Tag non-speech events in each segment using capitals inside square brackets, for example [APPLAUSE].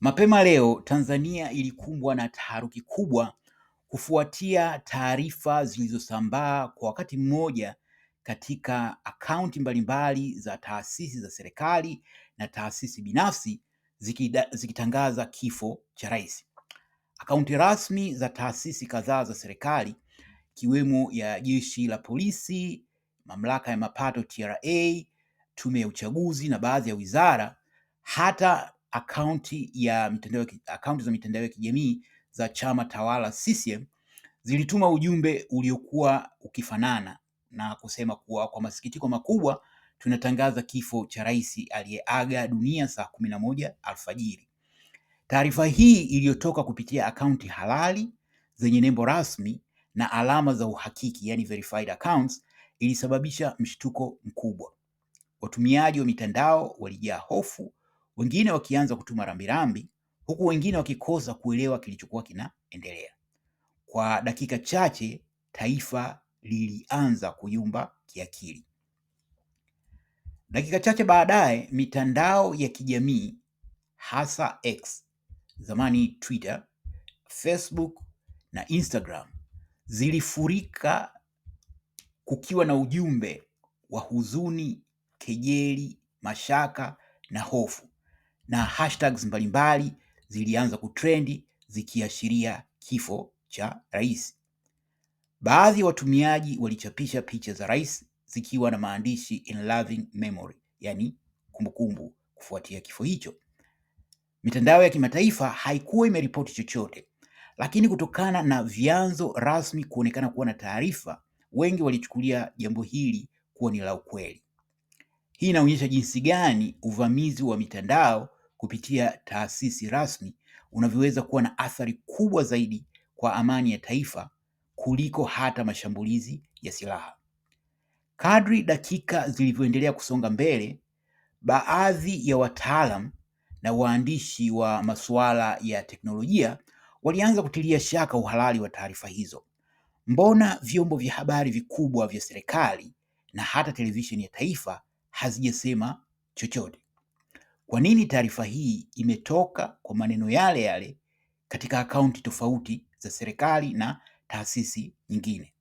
Mapema leo Tanzania ilikumbwa na taharuki kubwa kufuatia taarifa zilizosambaa kwa wakati mmoja katika akaunti mbalimbali za taasisi za serikali na taasisi binafsi zikida, zikitangaza kifo cha rais. Akaunti rasmi za taasisi kadhaa za serikali ikiwemo ya Jeshi la Polisi, Mamlaka ya Mapato TRA, Tume ya Uchaguzi na baadhi ya wizara hata akaunti ya mitandao, akaunti za mitandao ya kijamii za chama tawala CCM zilituma ujumbe uliokuwa ukifanana na kusema kuwa kwa masikitiko makubwa tunatangaza kifo cha rais aliyeaga dunia saa kumi na moja alfajiri. Taarifa hii iliyotoka kupitia akaunti halali zenye nembo rasmi na alama za uhakiki, yani verified accounts, ilisababisha mshtuko mkubwa. Watumiaji wa mitandao walijaa hofu wengine wakianza kutuma rambirambi, huku wengine wakikosa kuelewa kilichokuwa kinaendelea. Kwa dakika chache taifa lilianza kuyumba kiakili. Dakika chache baadaye, mitandao ya kijamii hasa X, zamani Twitter, Facebook na Instagram zilifurika kukiwa na ujumbe wa huzuni, kejeli, mashaka na hofu na hashtags mbalimbali zilianza kutrendi zikiashiria kifo cha rais. Baadhi ya watumiaji walichapisha picha za rais zikiwa na maandishi in loving memory, yani kumbukumbu kufuatia kifo hicho. Mitandao ya kimataifa haikuwa imeripoti chochote, lakini kutokana na vyanzo rasmi kuonekana kuwa na taarifa, wengi walichukulia jambo hili kuwa ni la ukweli. Hii inaonyesha jinsi gani uvamizi wa mitandao kupitia taasisi rasmi unavyoweza kuwa na athari kubwa zaidi kwa amani ya taifa kuliko hata mashambulizi ya silaha. Kadri dakika zilivyoendelea kusonga mbele, baadhi ya wataalam na waandishi wa masuala ya teknolojia walianza kutilia shaka uhalali wa taarifa hizo. Mbona vyombo vya habari vikubwa vya serikali na hata televisheni ya taifa hazijasema chochote? Kwa nini taarifa hii imetoka kwa maneno yale yale katika akaunti tofauti za serikali na taasisi nyingine?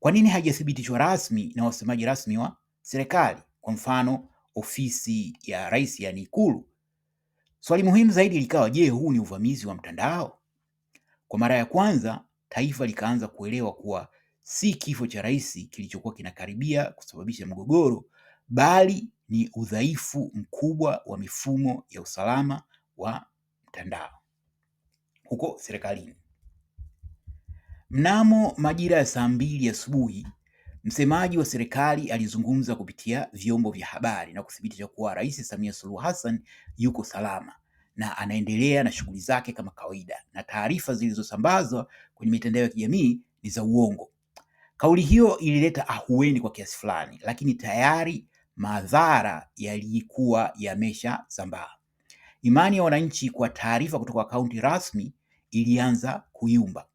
Kwa nini haijathibitishwa rasmi na wasemaji rasmi wa serikali, kwa mfano ofisi ya rais, yani Ikulu? Swali muhimu zaidi likawa, je, huu ni uvamizi wa mtandao? Kwa mara ya kwanza taifa likaanza kuelewa kuwa si kifo cha rais kilichokuwa kinakaribia kusababisha mgogoro, bali ni udhaifu mkubwa wa mifumo ya usalama wa mtandao huko serikalini. Mnamo majira ya saa mbili asubuhi, msemaji wa serikali alizungumza kupitia vyombo vya habari na kuthibitisha kuwa Rais Samia Suluhu Hassan yuko salama na anaendelea na shughuli zake kama kawaida na taarifa zilizosambazwa kwenye mitandao ya kijamii ni za uongo. Kauli hiyo ilileta ahueni kwa kiasi fulani, lakini tayari madhara yalikuwa yameshasambaa. Imani ya wananchi kwa taarifa kutoka akaunti rasmi ilianza kuyumba.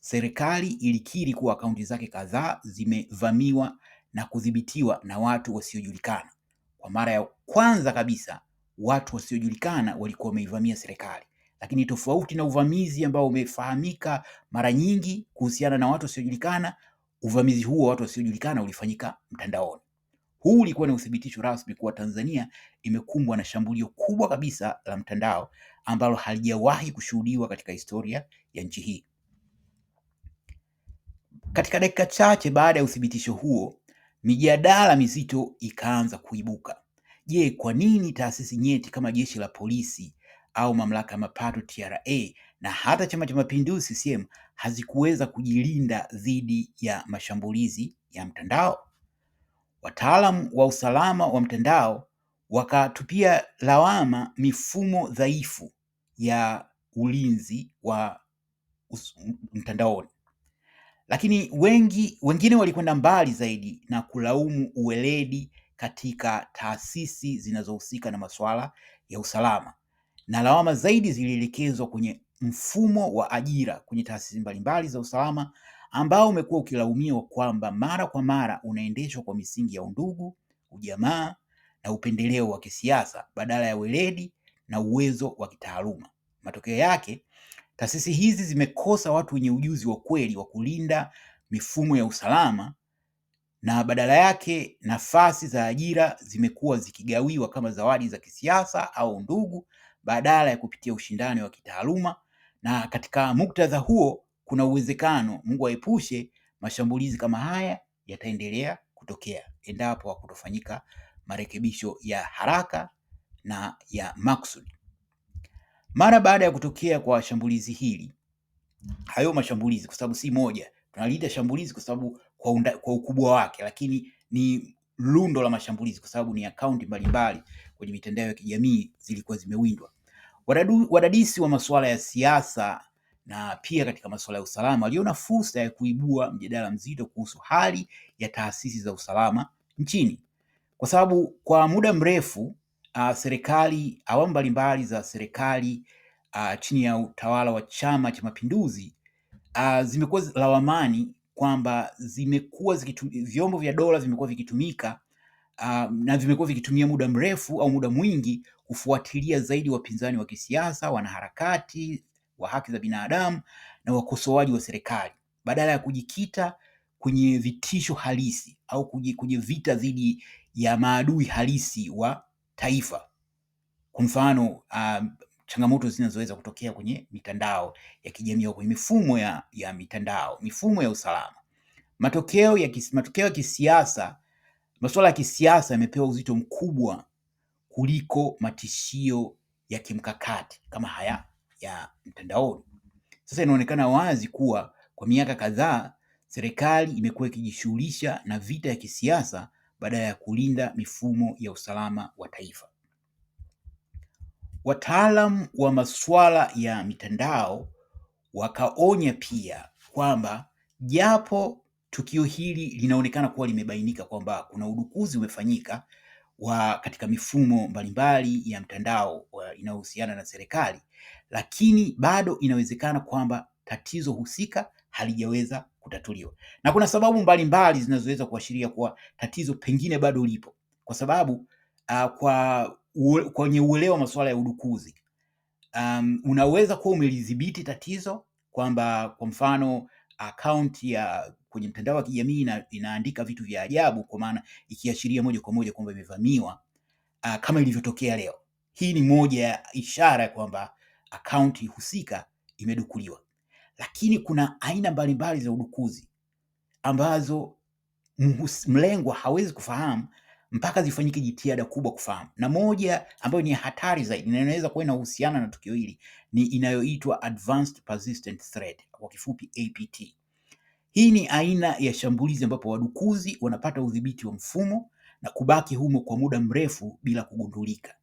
Serikali ilikiri kuwa akaunti zake kadhaa zimevamiwa na kudhibitiwa na watu wasiojulikana. Kwa mara ya kwanza kabisa, watu wasiojulikana walikuwa wameivamia serikali, lakini tofauti na uvamizi ambao umefahamika mara nyingi kuhusiana na watu wasiojulikana, uvamizi huo wa watu wasiojulikana ulifanyika mtandaoni. Huu ulikuwa ni uthibitisho rasmi kuwa Tanzania imekumbwa na shambulio kubwa kabisa la mtandao ambalo halijawahi kushuhudiwa katika historia ya nchi hii. Katika dakika chache baada ya uthibitisho huo, mijadala mizito ikaanza kuibuka. Je, kwa nini taasisi nyeti kama Jeshi la Polisi au Mamlaka ya Mapato TRA na hata Chama cha Mapinduzi CCM hazikuweza kujilinda dhidi ya mashambulizi ya mtandao? Wataalamu wa usalama wa mtandao wakatupia lawama mifumo dhaifu ya ulinzi wa mtandaoni, lakini wengi wengine walikwenda mbali zaidi na kulaumu uweledi katika taasisi zinazohusika na masuala ya usalama, na lawama zaidi zilielekezwa kwenye mfumo wa ajira kwenye taasisi mbalimbali za usalama ambao umekuwa ukilaumiwa kwamba mara kwa mara unaendeshwa kwa misingi ya undugu, ujamaa na upendeleo wa kisiasa badala ya weledi na uwezo wa kitaaluma. Matokeo yake, taasisi hizi zimekosa watu wenye ujuzi wa kweli wa kulinda mifumo ya usalama na badala yake nafasi za ajira zimekuwa zikigawiwa kama zawadi za kisiasa au ndugu badala ya kupitia ushindani wa kitaaluma. Na katika muktadha huo, kuna uwezekano, Mungu aepushe, mashambulizi kama haya yataendelea kutokea endapo hakutofanyika marekebisho ya haraka na ya maksudi. Mara baada ya kutokea kwa shambulizi hili, hayo mashambulizi, kwa sababu si moja, tunaliita shambulizi kwa sababu kwa, unda, kwa ukubwa wake, lakini ni lundo la mashambulizi kwa sababu ni akaunti mbalimbali kwenye mitandao ya kijamii zilikuwa zimewindwa. wadadisi wa masuala ya siasa na pia katika masuala ya usalama aliona fursa ya kuibua mjadala mzito kuhusu hali ya taasisi za usalama nchini, kwa sababu kwa muda mrefu uh, serikali awamu mbalimbali za serikali uh, chini ya utawala wa Chama cha Mapinduzi uh, zimekuwa lawamani kwamba zimekuwa vyombo vya dola vimekuwa vikitumika uh, na vimekuwa vikitumia muda mrefu au muda mwingi kufuatilia zaidi wapinzani wa kisiasa, wanaharakati wa haki za binadamu na wakosoaji wa serikali badala ya kujikita kwenye vitisho halisi au kwenye vita dhidi ya maadui halisi wa taifa. Kwa mfano, um, changamoto zinazoweza kutokea kwenye mitandao ya kijamii au kwenye mifumo ya, ya mitandao, mifumo ya usalama. Matokeo ya kis, matokeo ya kisiasa, masuala ya kisiasa yamepewa uzito mkubwa kuliko matishio ya kimkakati kama haya ya mtandaoni. Sasa inaonekana wazi kuwa kwa miaka kadhaa serikali imekuwa ikijishughulisha na vita ya kisiasa badala ya kulinda mifumo ya usalama wa taifa. Wataalamu wa masuala ya mitandao wakaonya pia kwamba japo tukio hili linaonekana kuwa limebainika kwamba kuna udukuzi umefanyika wa katika mifumo mbalimbali ya mtandao inayohusiana na serikali, lakini bado inawezekana kwamba tatizo husika halijaweza kutatuliwa, na kuna sababu mbalimbali zinazoweza kuashiria kuwa tatizo pengine bado lipo, kwa sababu uh, kwa uwe, kwenye uelewa masuala ya udukuzi um, unaweza kuwa umelidhibiti tatizo kwamba kwa mfano akaunti ya kwenye mtandao wa kijamii ina, inaandika vitu vya ajabu, kwa maana ikiashiria moja kwa moja kwamba imevamiwa uh, kama ilivyotokea leo. Hii ni moja ya ishara kwamba akaunti husika imedukuliwa. Lakini kuna aina mbalimbali za udukuzi ambazo mlengwa hawezi kufahamu mpaka zifanyike jitihada kubwa kufahamu, na moja ambayo ni hatari zaidi na inaweza kuwa inahusiana na tukio hili ni inayoitwa Advanced Persistent Threat, kwa kifupi APT. Hii ni aina ya shambulizi ambapo wadukuzi wanapata udhibiti wa mfumo na kubaki humo kwa muda mrefu bila kugundulika.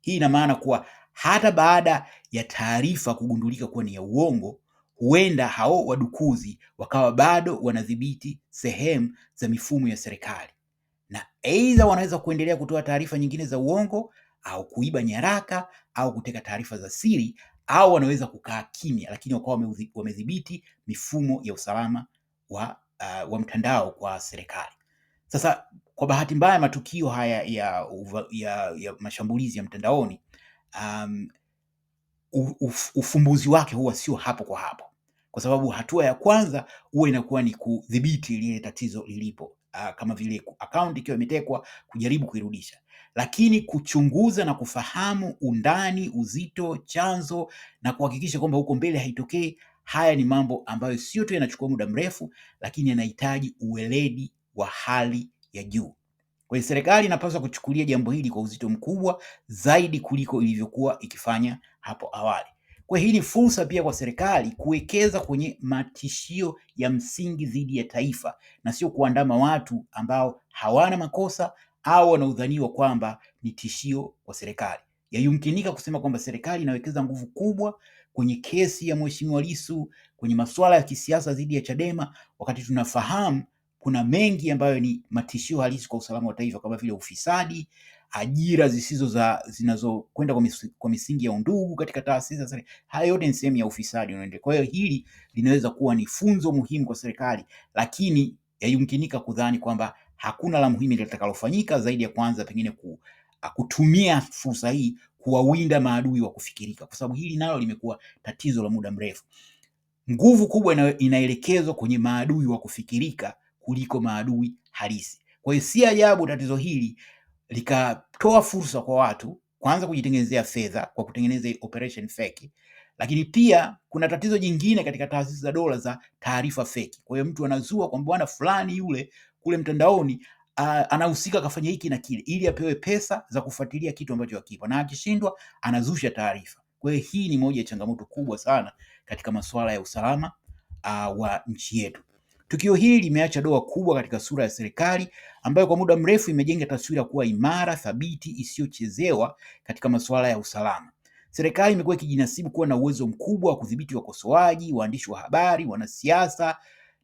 Hii ina maana kuwa hata baada ya taarifa kugundulika kuwa ni ya uongo, huenda hao wadukuzi wakawa bado wanadhibiti sehemu za mifumo ya serikali, na aidha wanaweza kuendelea kutoa taarifa nyingine za uongo au kuiba nyaraka au kuteka taarifa za siri au wanaweza kukaa kimya, lakini wakawa wamedhibiti mifumo ya usalama wa, uh, wa mtandao kwa serikali. Sasa kwa bahati mbaya matukio haya ya, ya, ya mashambulizi ya mtandaoni um, uf, ufumbuzi wake huwa sio hapo kwa hapo, kwa sababu hatua ya kwanza huwa inakuwa ni kudhibiti lile tatizo lilipo, uh, kama vile akaunti ikiwa imetekwa, kujaribu kuirudisha lakini kuchunguza na kufahamu undani, uzito, chanzo na kuhakikisha kwamba huko mbele haitokei. Haya ni mambo ambayo sio tu yanachukua muda mrefu, lakini yanahitaji uweledi wa hali ya juu. Kwa hiyo serikali inapaswa kuchukulia jambo hili kwa uzito mkubwa zaidi kuliko ilivyokuwa ikifanya hapo awali. Kwa hii ni fursa pia kwa serikali kuwekeza kwenye matishio ya msingi dhidi ya taifa na sio kuandama watu ambao hawana makosa au wanaodhaniwa kwamba ni tishio kwa serikali. Yayumkinika kusema kwamba serikali inawekeza nguvu kubwa kwenye kesi ya Mheshimiwa Lissu, kwenye masuala ya kisiasa dhidi ya Chadema, wakati tunafahamu kuna mengi ambayo ni matishio halisi kwa usalama wa taifa kama vile ufisadi, ajira zisizo za zinazokwenda kwa, mis, kwa misingi ya undugu katika taasisi za serikali. Haya yote ni sehemu ya ufisadi unaendelea. Kwa hiyo hili linaweza kuwa ni funzo muhimu kwa serikali, lakini yayumkinika kudhani kwamba hakuna la muhimu litakalofanyika zaidi ya kwanza pengine ku, kutumia fursa hii kuwawinda maadui wa kufikirika, kwa sababu hili nalo limekuwa tatizo la muda mrefu. Nguvu kubwa inaelekezwa kwenye maadui wa kufikirika kuliko maadui halisi. Kwa hiyo si ajabu tatizo hili likatoa fursa kwa watu kwanza kujitengenezea fedha kwa kutengeneza operation fake. lakini pia kuna tatizo jingine katika taasisi za dola za taarifa fake. Kwa hiyo mtu anazua kwamba bwana fulani yule kule mtandaoni anahusika akafanya hiki na kile, ili apewe pesa za kufuatilia kitu ambacho hakipo, na akishindwa anazusha taarifa. Kwa hiyo hii ni moja ya changamoto kubwa sana katika masuala ya usalama uh, wa nchi yetu. Tukio hili limeacha doa kubwa katika sura ya serikali ambayo kwa muda mrefu imejenga taswira kuwa imara, thabiti, isiyochezewa katika masuala ya usalama. Serikali imekuwa ikijinasibu kuwa na uwezo mkubwa wa kudhibiti wakosoaji, waandishi wa habari, wanasiasa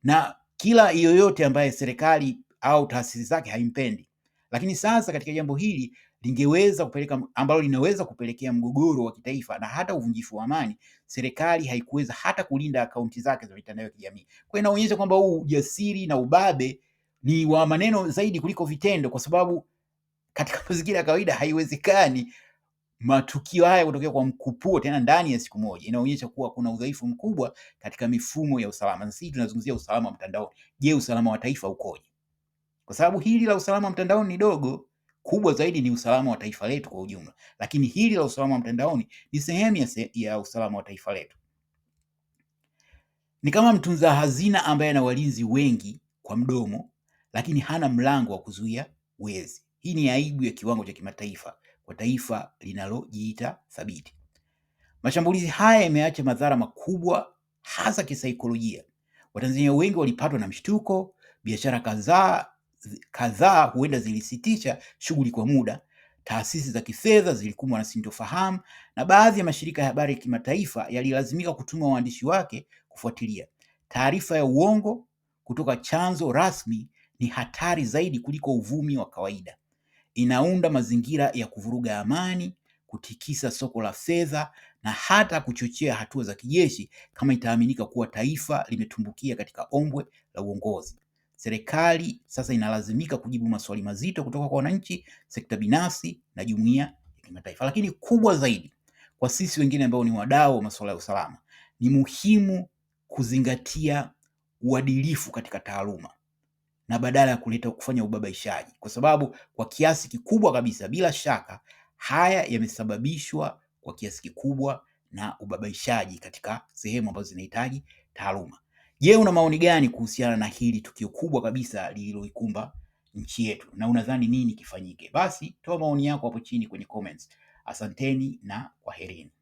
na kila yoyote ambaye serikali au taasisi zake haimpendi. Lakini sasa katika jambo hili lingeweza kupeleka ambalo linaweza kupelekea mgogoro wa kitaifa na hata uvunjifu wa amani, serikali haikuweza hata kulinda akaunti zake za mitandao ya kijamii. Kwa hiyo inaonyesha kwamba huu ujasiri na ubabe ni wa maneno zaidi kuliko vitendo, kwa sababu katika [LAUGHS] mazingira ya kawaida haiwezekani matukio haya kutokea kwa mkupuo tena ndani ya siku moja. Inaonyesha kuwa kuna udhaifu mkubwa katika mifumo ya usalama. Sisi tunazungumzia usalama wa mtandaoni. Je, usalama wa taifa ukoje? Kwa sababu hili la usalama wa mtandaoni ni dogo kubwa zaidi ni usalama wa taifa letu kwa ujumla, lakini hili la usalama wa mtandaoni ni sehemu ya, se ya usalama wa taifa letu. Ni kama mtunza hazina ambaye ana walinzi wengi kwa mdomo, lakini hana mlango wa kuzuia wezi. Hii ni aibu ya kiwango cha kimataifa kwa taifa linalojiita thabiti. Mashambulizi haya yameacha madhara makubwa, hasa kisaikolojia. Watanzania wengi walipatwa na mshtuko, biashara kadhaa kadhaa huenda zilisitisha shughuli kwa muda. Taasisi za kifedha zilikumbwa na sintofahamu na baadhi ya mashirika ya habari ya kimataifa yalilazimika kutuma waandishi wake kufuatilia. Taarifa ya uongo kutoka chanzo rasmi ni hatari zaidi kuliko uvumi wa kawaida. Inaunda mazingira ya kuvuruga amani, kutikisa soko la fedha na hata kuchochea hatua za kijeshi kama itaaminika kuwa taifa limetumbukia katika ombwe la uongozi serikali sasa inalazimika kujibu maswali mazito kutoka kwa wananchi, sekta binafsi na jumuiya ya kimataifa. Lakini kubwa zaidi kwa sisi wengine ambao ni wadau wa masuala ya usalama, ni muhimu kuzingatia uadilifu katika taaluma na badala ya kuleta kufanya ubabaishaji, kwa sababu kwa kiasi kikubwa kabisa, bila shaka, haya yamesababishwa kwa kiasi kikubwa na ubabaishaji katika sehemu ambazo zinahitaji taaluma. Je, una maoni gani kuhusiana na hili tukio kubwa kabisa lililoikumba nchi yetu na unadhani nini kifanyike? Basi toa maoni yako hapo chini kwenye comments. Asanteni na kwaherini.